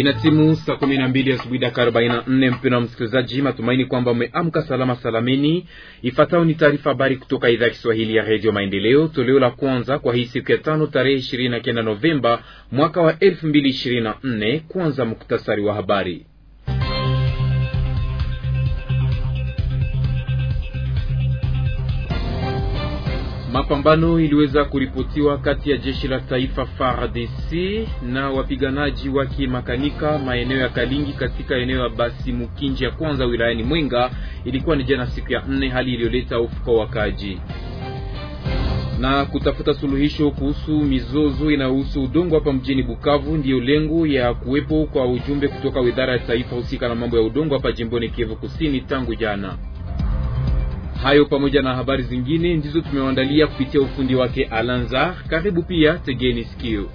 ina timu saa kumi na mbili asubuhi dakika arobaini na nne mpena wa msikilizaji, matumaini kwamba umeamka salama salamini. Ifuatayo ni taarifa habari kutoka idhaa ya Kiswahili ya redio Maendeleo, toleo la kwanza kwa hii siku ya tano tarehe ishirini na kenda Novemba mwaka wa elfu mbili ishirini na nne. Kwanza muktasari wa habari Mapambano iliweza kuripotiwa kati ya jeshi la taifa FARDC na wapiganaji wake makanika maeneo ya Kalingi katika eneo ya basi Mukinji ya kwanza wilayani Mwenga. Ilikuwa ni jana siku ya nne, hali iliyoleta hofu kwa wakaji na kutafuta suluhisho kuhusu mizozo inayohusu udongo hapa mjini Bukavu ndiyo lengo ya kuwepo kwa ujumbe kutoka widhara ya Taifa husika na mambo ya udongo hapa jimboni Kivu Kusini tangu jana. Hayo pamoja na habari zingine ndizo tumewaandalia kupitia ufundi wake Alanzar. Karibu pia, tegeni sikio.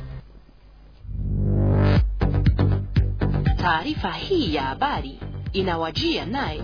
Taarifa hii ya habari inawajia naye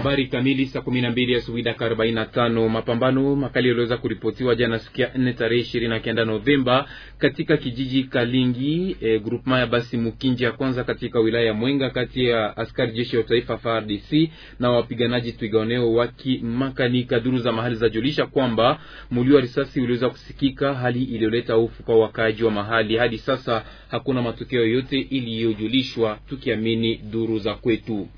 Habari kamili saa kumi na mbili asubuhi dakika arobaini na tano. Mapambano makali yaliweza kuripotiwa jana siku ya nne tarehe ishirini na kenda Novemba katika kijiji Kalingi e, eh, grupema ya basi Mukinji ya kwanza katika wilaya ya Mwenga kati ya askari jeshi ya taifa FARDC na wapiganaji twigaoneo wakimakani. Kaduru za mahali za julisha kwamba mulio wa risasi uliweza kusikika, hali iliyoleta hofu kwa wakaaji wa mahali. Hadi sasa hakuna matokeo yoyote iliyojulishwa, tukiamini duru za kwetu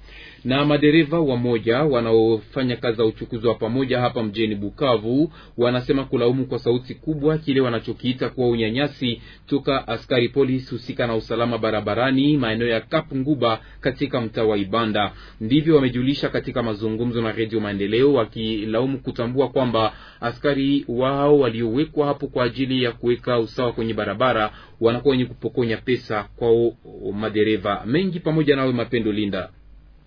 na madereva wamoja wanaofanya kazi za uchukuzi wa pamoja hapa mjini Bukavu wanasema kulaumu kwa sauti kubwa kile wanachokiita kuwa unyanyasi toka askari polisi husika na usalama barabarani maeneo ya Kapunguba Nguba katika mtaa wa Ibanda. Ndivyo wamejulisha katika mazungumzo na Redio Maendeleo, wakilaumu kutambua kwamba askari wao waliowekwa hapo kwa ajili ya kuweka usawa kwenye barabara wanakuwa wenye kupokonya pesa kwao madereva mengi pamoja nawe Mapendo Linda.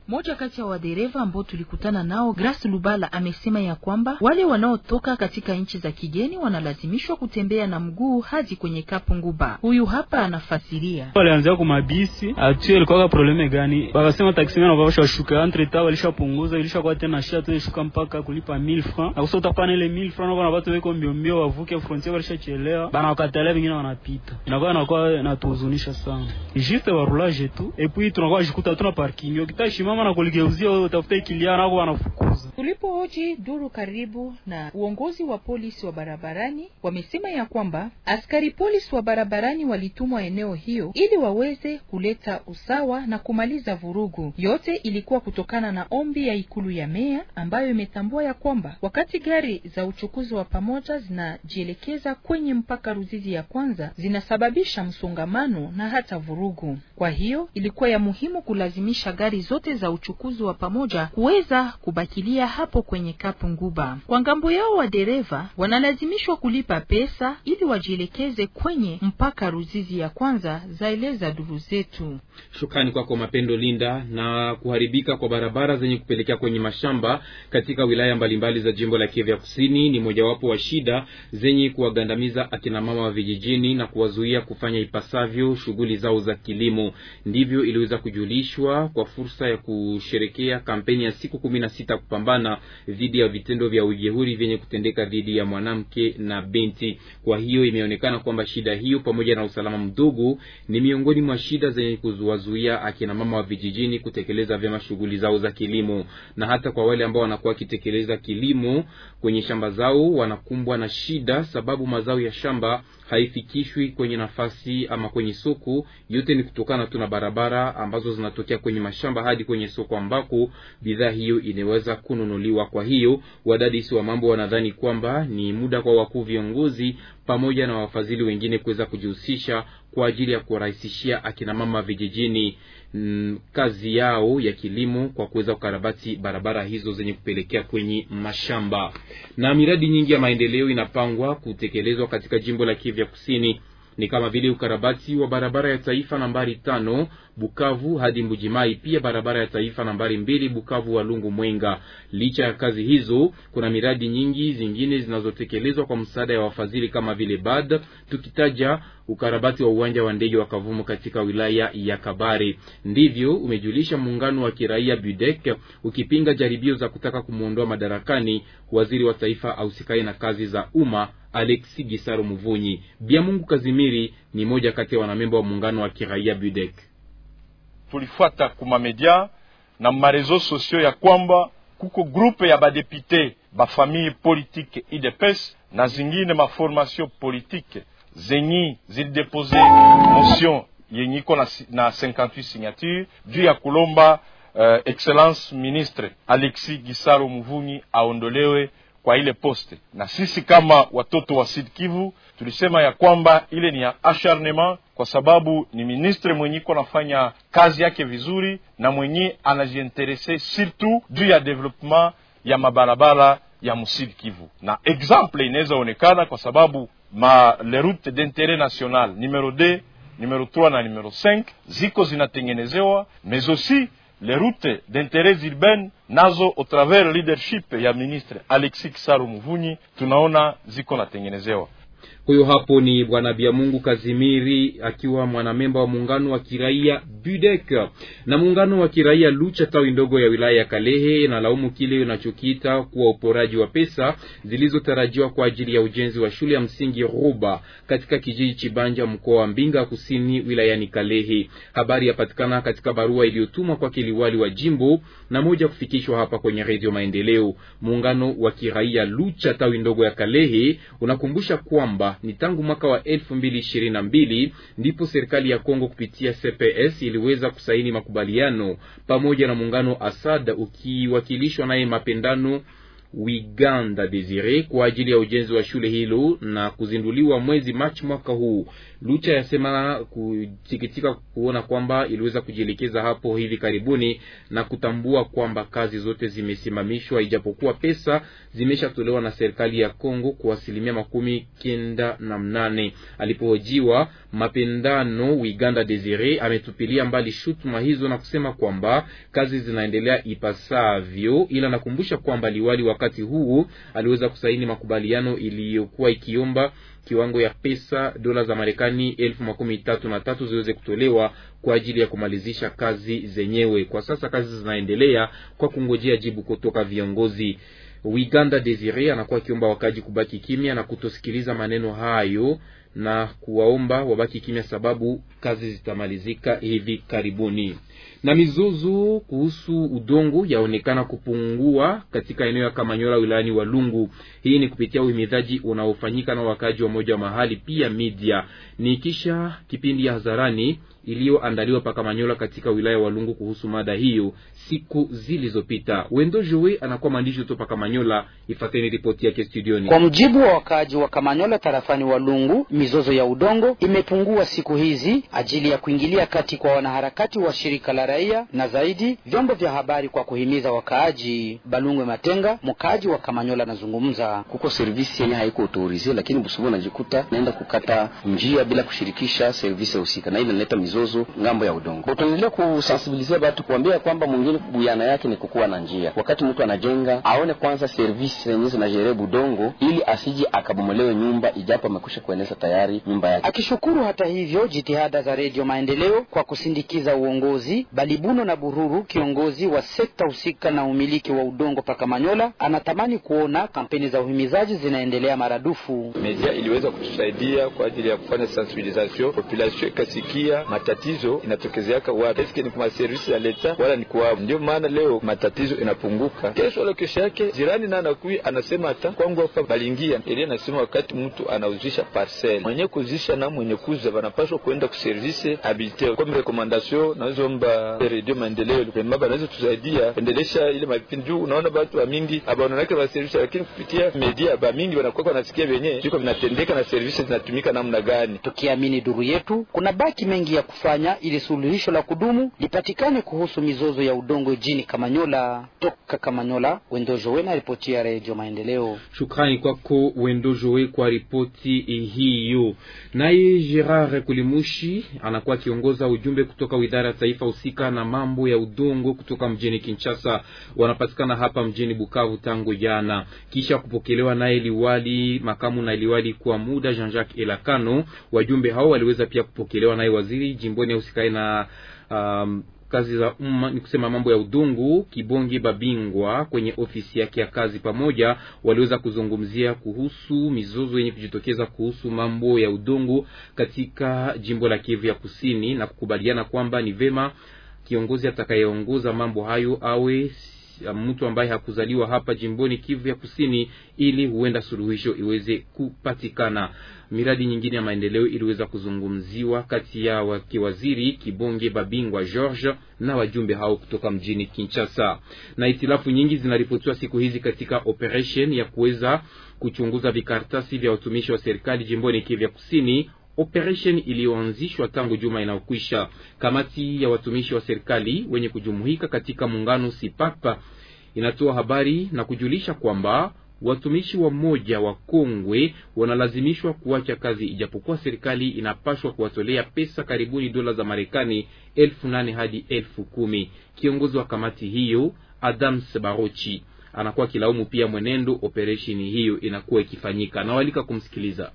Moja kati ya wadereva ambao tulikutana nao Grace Lubala amesema ya kwamba wale wanaotoka katika nchi za kigeni wanalazimishwa kutembea na mguu hadi kwenye Kapunguba. Huyu hapa anafasiria. Walianzia kwa mabisi atue ilikuwa probleme gani? Wakasema taksi mena wakasha shuka entre ta walishapunguza ilisha tena shia tu shuka mpaka kulipa 1000 francs. Akuso utapana ile 1000 francs kwa watu weko mbio mbio wavuke frontier walishachelewa. Bana wakatalia wengine wanapita. Inakuwa inakuwa natuhuzunisha sana. Juste wa roulage tu et puis tunakuwa jikuta tuna parking. Ukitashima kama nakuligeuzia wewe utafute kiliana wako wanafukuza. Tulipohoji duru karibu na uongozi wa polisi wa barabarani, wamesema ya kwamba askari polisi wa barabarani walitumwa eneo hiyo ili waweze kuleta usawa na kumaliza vurugu. Yote ilikuwa kutokana na ombi ya ikulu ya meya ambayo imetambua ya kwamba wakati gari za uchukuzi wa pamoja zinajielekeza kwenye mpaka Ruzizi ya kwanza zinasababisha msongamano na hata vurugu. Kwa hiyo ilikuwa ya muhimu kulazimisha gari zote za za uchukuzi wa pamoja kuweza kubakilia hapo kwenye nguba Kwa ngambo yao, wadereva wanalazimishwa kulipa pesa ili wajielekeze kwenye mpaka Ruzizi ya kwanza, zaeleza duru zetu. Shukrani kwako kwa Mapendo Linda. Na kuharibika kwa barabara zenye kupelekea kwenye mashamba katika wilaya mbalimbali za jimbo la Kivu ya Kusini ni mojawapo wa shida zenye kuwagandamiza akinamama wa vijijini na kuwazuia kufanya ipasavyo shughuli zao za kilimo. Ndivyo iliweza kujulishwa kwa fursa ya ku kusherekea kampeni ya siku kumi na sita kupambana dhidi ya vitendo vya ujehuri vyenye kutendeka dhidi ya mwanamke na binti. Kwa hiyo imeonekana kwamba shida hiyo pamoja na usalama mdogo ni miongoni mwa shida zenye kuzuazuia akina mama wa vijijini kutekeleza vyema shughuli zao za kilimo, na hata kwa wale ambao wanakuwa wakitekeleza kilimo kwenye shamba zao wanakumbwa na shida, sababu mazao ya shamba haifikishwi kwenye nafasi ama kwenye soko. Yote ni kutokana tu na barabara ambazo zinatokea kwenye mashamba hadi kwenye kwenye soko ambako bidhaa hiyo inaweza kununuliwa. Kwa hiyo wadadisi wa mambo wanadhani kwamba ni muda kwa wakuu viongozi pamoja na wafadhili wengine kuweza kujihusisha kwa ajili ya kurahisishia akinamama vijijini mm, kazi yao ya kilimo kwa kuweza kukarabati barabara hizo zenye kupelekea kwenye mashamba. Na miradi nyingi ya maendeleo inapangwa kutekelezwa katika jimbo la Kivu ya Kusini, ni kama vile ukarabati wa barabara ya taifa nambari tano Bukavu hadi Mbujimai, pia barabara ya taifa nambari mbili Bukavu Walungu Mwenga. Licha ya kazi hizo, kuna miradi nyingi zingine zinazotekelezwa kwa msaada ya wafadhili kama vile BAD, tukitaja ukarabati wa uwanja wa ndege wa Kavumu katika wilaya ya Kabare. Ndivyo umejulisha muungano wa kiraia Budek ukipinga jaribio za kutaka kumwondoa madarakani waziri wa taifa ausikaye na kazi za umma Alexi Gisaro Muvunyi. Bia Mungu Kazimiri ni moja kati ya wanamemba wa muungano wa kiraia Budek tulifuata kumamedia na marezo sosio ya kwamba kuko grupe ya badepite bafamille politike UDPS na zingine maformation politike zenyi zilidepose motion yenye iko na, na 58 signature juu ya kulomba uh, excellence ministre Alexis Gisaro Muvunyi aondolewe kwa ile poste, na sisi kama watoto wa Sud Kivu tulisema ya kwamba ile ni ya acharnement, kwa sababu ni ministre mwenye iko nafanya kazi yake vizuri na mwenye anajiinterese surtout juu ya developement ya mabarabara ya msud Kivu, na exemple inaweza onekana kwa sababu ma le route d'interet national numero 2 numero 3 na numero 5 ziko zinatengenezewa mais aussi les routes d'intérêt urbain nazo au travers leadership ya ministre Alexis Kisaru Mvunyi tunaona ziko natengenezewa. Huyo hapo ni bwana Biamungu Kazimiri akiwa mwanamemba wa muungano wa kiraia Budek na muungano wa kiraia Lucha tawi ndogo ya wilaya ya Kalehe na laumu kile inachokiita kuwa uporaji wa pesa zilizotarajiwa kwa ajili ya ujenzi wa shule ya msingi Ruba katika kijiji Chibanja, mkoa wa Mbinga Kusini, wilayani Kalehe. Habari yapatikana katika barua iliyotumwa kwa kiliwali wa jimbo na moja kufikishwa hapa kwenye Redio Maendeleo. Muungano wa kiraia Lucha tawi ndogo ya Kalehe unakumbusha kwamba ni tangu mwaka wa elfu ndipo serikali ya Kongo kupitia CPS iliweza kusaini makubaliano makubaliano pamoja na muungano Asad ukiwakilishwa naye Mapendano Wiganda Desire kwa ajili ya ujenzi wa shule hilo na kuzinduliwa mwezi Machi mwaka huu. Lucha yasema kusikitika kuona kwamba iliweza kujielekeza hapo hivi karibuni na kutambua kwamba kazi zote zimesimamishwa, ijapokuwa pesa zimeshatolewa na serikali ya Kongo kwa asilimia makumi kenda na mnane. Alipohojiwa, Mapendano Wiganda Desire ametupilia mbali shutuma hizo na kusema kwamba kazi zinaendelea ipasavyo, ila nakumbusha kwamba liwali wa wakati huu aliweza kusaini makubaliano iliyokuwa ikiomba kiwango ya pesa dola za Marekani elfu makumi tatu na tatu ziweze kutolewa kwa ajili ya kumalizisha kazi zenyewe. Kwa sasa kazi zinaendelea kwa kungojea jibu kutoka viongozi. Wiganda Desire anakuwa akiomba wakaji kubaki kimya na kutosikiliza maneno hayo na kuwaomba wabaki kimya, sababu kazi zitamalizika hivi karibuni na mizozo kuhusu udongo yaonekana kupungua katika eneo ya Kamanyola wilayani Walungu. Hii ni kupitia uhimidhaji unaofanyika na wakaji wa moja wa mahali pia media. Ni kisha kipindi ya hadharani iliyoandaliwa pa Kamanyola katika wilaya Walungu kuhusu mada hiyo siku zilizopita. Wendo Jowe anakuwa mwandishi tu pa Kamanyola, ifateni ripoti yake studioni. Kwa mujibu wa wakaaji wa Kamanyola tarafani Walungu, mizozo ya udongo imepungua siku hizi ajili ya kuingilia kati kwa wanaharakati wa shirika la raia na zaidi vyombo vya habari kwa kuhimiza wakaaji. Balungwe Matenga, mkaaji wa Kamanyola, anazungumza. Kuko servisi yenye haiko autorize, lakini Busubu najikuta naenda kukata njia bila kushirikisha servisi husika, na ile inaleta mizozo ngambo ya udongo. Tunaendelea kusensibilizia watu kuambia kwamba mwingine buyana yake ni kukuwa na njia, wakati mtu anajenga aone kwanza servisi zenye zinajere budongo, ili asije akabomolewe nyumba ijapo amekwisha kueneza tayari nyumba yake. Akishukuru hata hivyo jitihada za Redio Maendeleo kwa kusindikiza uongozi Alibuno na Bururu, kiongozi wa sekta husika na umiliki wa udongo paka Manyola, anatamani kuona kampeni za uhimizaji zinaendelea maradufu. Media iliweza kutusaidia kwa ajili ya kufanya sensibilisation, population ikasikia matatizo inatokezeaka wapi, eske ni kwa service ya leta wala ni kwao. Ndio maana leo matatizo inapunguka. Kesho wala kesho yake jirani na anakui anasema hata kwangu hapa balingia ili anasema, wakati mtu anauzisha parcel, mwenye kuzisha na mwenye kuuza wanapaswa kwenda kuservice habite comme recommandation naomba redio maendeleo wanaweza tusaidia endelesha ile mapindi juu. Unaona batu wa mingi abaonanake baservisi, lakini kupitia media ba mingi wanakuwa wanasikia venye viko vinatendeka na servisi zinatumika namna gani. Tukiamini duru yetu, kuna baki mengi ya kufanya ili suluhisho la kudumu lipatikane kuhusu mizozo ya udongo jini Kamanyola. Toka Kamanyola, Wendo Jowe na ripoti ya redio Maendeleo. Shukrani kwako Wendo Jowe kwa ripoti hiyo. Naye Gerard Kulimushi anakuwa akiongoza ujumbe kutoka idara ya taifa husika wanahusika na mambo ya udongo kutoka mjini Kinshasa wanapatikana hapa mjini Bukavu tangu jana, kisha kupokelewa naye liwali makamu na liwali kwa muda Jean Jacques Elakano. Wajumbe hao waliweza pia kupokelewa naye waziri jimboni ahusikae na um, kazi za umma ni kusema mambo ya udungu Kibongi Babingwa kwenye ofisi yake ya kazi. Pamoja waliweza kuzungumzia kuhusu mizozo yenye kujitokeza kuhusu mambo ya udungu katika jimbo la Kivu ya Kusini na kukubaliana kwamba ni vema kiongozi atakayeongoza mambo hayo awe mtu ambaye hakuzaliwa hapa jimboni Kivu ya Kusini, ili huenda suluhisho iweze kupatikana. Miradi nyingine ya maendeleo iliweza kuzungumziwa kati ya wakiwaziri Kibonge Babingwa George na wajumbe hao kutoka mjini Kinshasa. Na itilafu nyingi zinaripotiwa siku hizi katika operation ya kuweza kuchunguza vikartasi vya watumishi wa serikali jimboni Kivu ya Kusini operation iliyoanzishwa tangu juma inayokwisha. Kamati ya watumishi wa serikali wenye kujumuika katika muungano Sipapa inatoa habari na kujulisha kwamba watumishi wa moja wa kongwe wanalazimishwa kuacha kazi, ijapokuwa serikali inapashwa kuwatolea pesa karibuni dola za Marekani elfu nane hadi elfu kumi. Kiongozi wa kamati hiyo Adam Sebarochi anakuwa kilaumu pia mwenendo operesheni hiyo inakuwa ikifanyika. Nawalika kumsikiliza.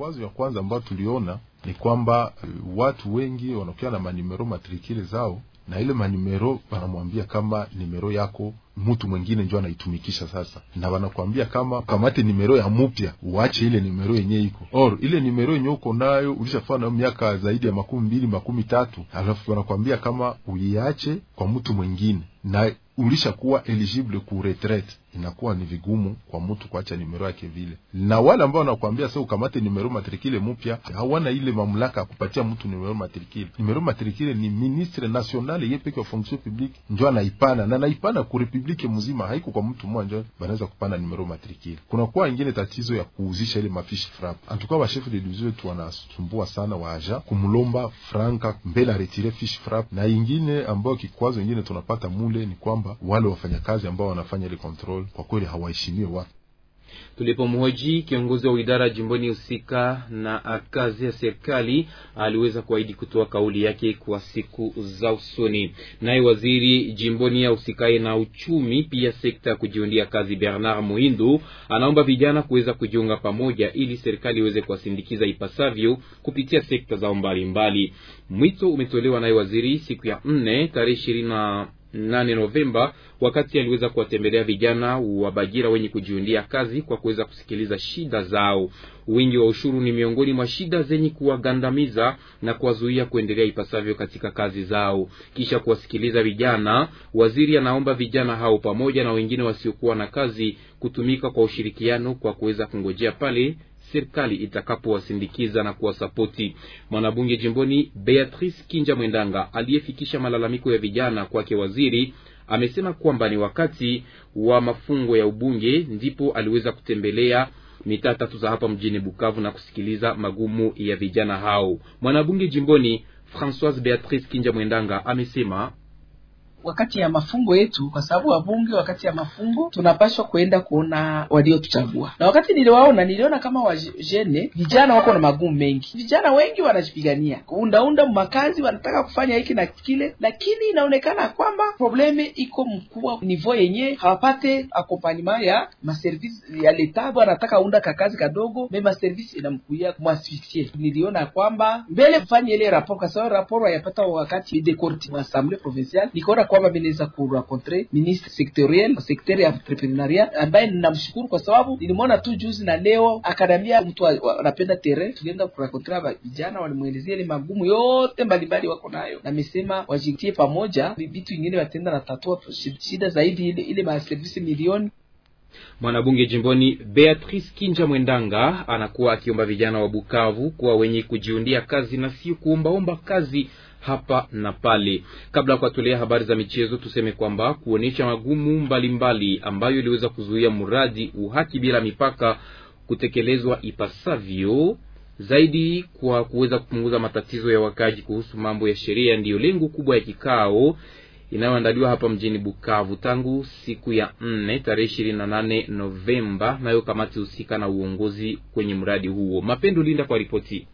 Vikwazo wa kwanza ambayo tuliona ni kwamba eh, watu wengi wanaokiwa na manimero matrikile zao, na ile manumero wanamwambia kama nimero yako mtu mwingine njo anaitumikisha sasa, na wanakwambia kama kamate nimero ya mupya, uache ile nimero yenye iko or ile nimero yenye uko nayo ulishafaa nayo miaka zaidi ya makumi mbili makumi tatu alafu wanakwambia kama uiache kwa mtu mwingine na ulishakuwa eligible ku retraite, inakuwa ni vigumu kwa mtu kuacha nimero yake vile. Na wale ambao wanakuambia sasa ukamate nimero matrikile mpya, hawana ile mamlaka ya kupatia mtu nimero matrikile. Nimero matrikile ni ministre nationale yeye peke wa fonction publique ndio anaipana, na naipana ku republique mzima, haiko kwa mtu mmoja ndio banaweza kupana nimero matrikile. Kuna kwa ingine tatizo ya kuuzisha ile mafiche frap antuka wa chef de division wetu wanasumbua sana waja kumlomba franka mbele retire fish frap, na ingine ambayo kikwazo ingine tunapata mule ni kwamba kwamba wale wafanyakazi ambao wanafanya ile control kwa kweli hawaheshimiwe watu. Tulipomhoji kiongozi wa idara jimboni husika na kazi ya serikali, aliweza kuahidi kutoa kauli yake kwa siku za usoni. Naye waziri jimboni ya usikae na uchumi pia sekta ya kujiundia kazi, Bernard Muhindu, anaomba vijana kuweza kujiunga pamoja ili serikali iweze kuwasindikiza ipasavyo kupitia sekta zao mbalimbali. Mwito umetolewa naye waziri siku ya nne tarehe ishirini na 8 Novemba, wakati aliweza kuwatembelea vijana wa Bagira wenye kujiundia kazi kwa kuweza kusikiliza shida zao. Wingi wa ushuru ni miongoni mwa shida zenye kuwagandamiza na kuwazuia kuendelea ipasavyo katika kazi zao. Kisha kuwasikiliza vijana, waziri anaomba vijana hao pamoja na wengine wasiokuwa na kazi kutumika kwa ushirikiano kwa kuweza kungojea pale serikali itakapowasindikiza na kuwasapoti. Mwanabunge jimboni Beatrice Kinja Mwendanga aliyefikisha malalamiko ya vijana kwake waziri amesema kwamba ni wakati wa mafungo ya ubunge ndipo aliweza kutembelea mitaa tatu za hapa mjini Bukavu na kusikiliza magumu ya vijana hao. Mwanabunge jimboni Francoise Beatrice Kinja Mwendanga amesema wakati ya mafungo yetu, kwa sababu wabunge wakati ya mafungo tunapashwa kuenda kuona waliotuchagua. Na wakati niliwaona, niliona kama wajene vijana wako na magumu mengi, vijana wengi wanajipigania kuundaunda makazi, wanataka kufanya hiki na kile, lakini inaonekana kwamba probleme iko mkubwa nivo yenye hawapate akompanyema ya maservisi ya leta, wanataka unda kakazi kadogo me maservisi inamkuia mwasfiksie. Niliona kwamba mbele fanye ile rapor, kwa sababu rapor wayapata wakati de korti mwasamble provincial nikaona kwamba niliweza kurencontre ministre sectoriel wa ya entrepreneuria ambaye ninamshukuru kwa sababu nilimwona tu juzi na leo akaniambia mtu anapenda tere Tulienda kurencontre vijana, walimwelezea ile magumu yote mbalimbali wako nayo, na amesema wajitie pamoja, vitu vingine watenda na tatua shida zaidi ile, ile maservisi milioni Mwanabunge jimboni Beatrice Kinja Mwendanga anakuwa akiomba vijana wa Bukavu kuwa wenye kujiundia kazi na sio kuombaomba kazi hapa na pale. Kabla ya kuwatolea habari za michezo, tuseme kwamba kuonyesha magumu mbalimbali mbali ambayo iliweza kuzuia mradi uhaki bila mipaka kutekelezwa ipasavyo zaidi kwa kuweza kupunguza matatizo ya wakaji kuhusu mambo ya sheria, ndiyo lengo kubwa ya kikao inayoandaliwa hapa mjini Bukavu tangu siku ya nne tarehe ishirini na nane Novemba, nayo kamati husika na uongozi kwenye mradi huo. Mapendo Linda kwa ripoti.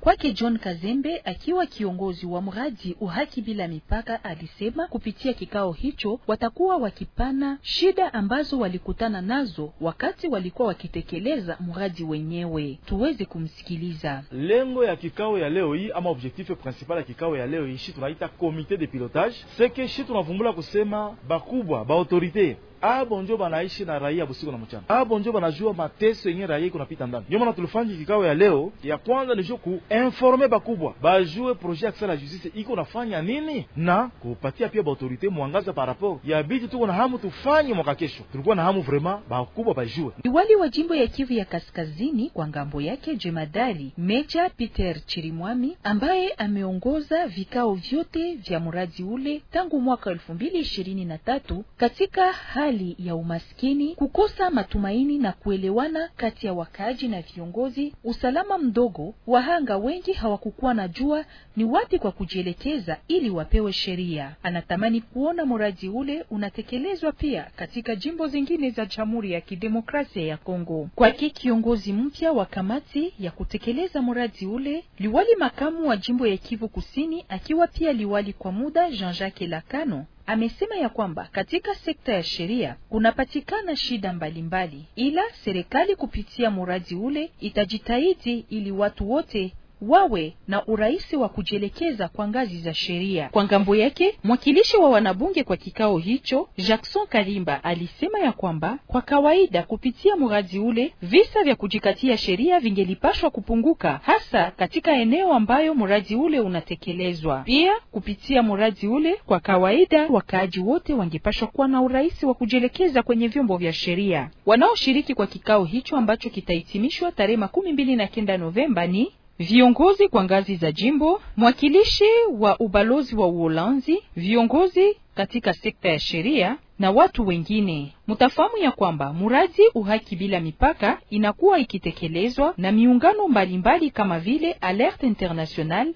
Kwake John Kazembe akiwa kiongozi wa mradi Uhaki Bila Mipaka alisema kupitia kikao hicho watakuwa wakipana shida ambazo walikutana nazo wakati walikuwa wakitekeleza mradi wenyewe. Tuweze kumsikiliza. Lengo ya kikao ya leo hii ama objektif principal ya kikao ya leo hii shi tunaita comité de pilotage seke shi tunavumbula kusema bakubwa baautorite abo njo banaishi na raia busiku na mchana, abo njo banajua mateso yenye raia iko napita ndani. Ndio maana tulifanya kikao ya leo ya kwanza, nijo kuinforme bakubwa bajue projet ya la justice iko nafanya nini na kupatia pia baautorite mwangaza pa rapport ya biti. Tuko na hamu tufanye mwaka kesho, tulikuwa na hamu vrema bakubwa bajue. iwali wa jimbo ya Kivu ya Kaskazini kwa ngambo yake jemadari Meja Peter Chirimwami ambaye ameongoza vikao vyote vya mradi ule tangu mwaka elfu mbili ishirini na tatu katika hali ya umaskini, kukosa matumaini na kuelewana kati ya wakaaji na viongozi, usalama mdogo, wahanga wengi hawakukuwa na jua ni wapi kwa kujielekeza ili wapewe sheria. Anatamani kuona mradi ule unatekelezwa pia katika jimbo zingine za Jamhuri ya Kidemokrasia ya Kongo. Kwake kiongozi mpya wa kamati ya kutekeleza mradi ule, liwali makamu wa jimbo ya Kivu Kusini, akiwa pia liwali kwa muda Jean-Jacques Lacano amesema ya kwamba katika sekta ya sheria kunapatikana shida mbalimbali mbali, ila serikali kupitia muradi ule itajitahidi ili watu wote wawe na urahisi wa kujielekeza kwa ngazi za sheria. Kwa ngambo yake, mwakilishi wa wanabunge kwa kikao hicho Jackson Kalimba alisema ya kwamba kwa kawaida kupitia mradi ule visa vya kujikatia sheria vingelipashwa kupunguka, hasa katika eneo ambayo mradi ule unatekelezwa. Pia kupitia mradi ule kwa kawaida wakaaji wote wangepashwa kuwa na urahisi wa kujielekeza kwenye vyombo vya sheria. Wanaoshiriki kwa kikao hicho ambacho kitahitimishwa tarehe makumi mbili na kenda Novemba ni viongozi kwa ngazi za jimbo, mwakilishi wa ubalozi wa Uholanzi, viongozi katika sekta ya sheria na watu wengine. Mutafahamu ya kwamba muradi uhaki bila mipaka inakuwa ikitekelezwa na miungano mbalimbali kama vile Alert International,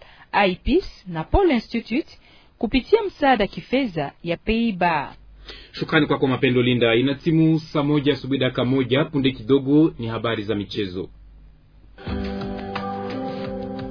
IPIS na Paul Institute kupitia msaada kifedha ya Peiba. Shukrani kwako Mapendo Linda. Inatimu saa moja asubuhi dakika moja. Punde kidogo ni habari za michezo.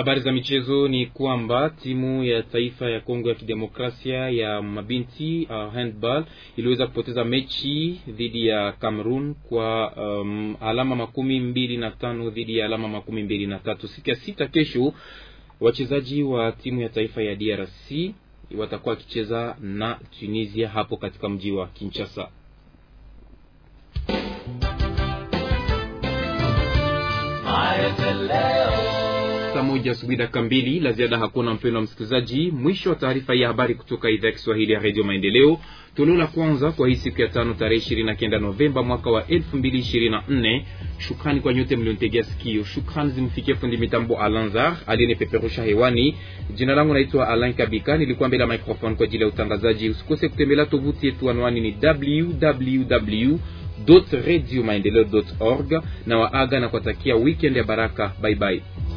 Habari za michezo ni kwamba timu ya taifa ya Kongo ya Kidemokrasia ya mabinti uh, handball iliweza kupoteza mechi dhidi ya Cameroon kwa um, alama makumi mbili na tano dhidi ya alama makumi mbili na tatu. Siku ya sita kesho, wachezaji wa timu ya taifa ya DRC watakuwa wakicheza na Tunisia hapo katika mji wa Kinshasa saa moja asubuhi dakika mbili. La ziada hakuna, mpendo wa msikilizaji. Mwisho wa taarifa hii ya habari kutoka idhaa ya Kiswahili ya redio Maendeleo, toleo la kwanza kwa hii siku ya tano tarehe ishirini na kenda Novemba mwaka wa elfu mbili ishirini na nne. Shukrani kwa nyote mliontegea sikio. Shukrani zimfikie fundi mitambo Alanzar aliyenipeperusha hewani. Jina langu naitwa Alan Kabika, nilikuwa mbele ya microphone kwa ajili ya utangazaji. Usikose kutembelea tovuti yetu, anwani ni www radio maendeleo org na waaga na kuwatakia weekend ya baraka. Bye bye.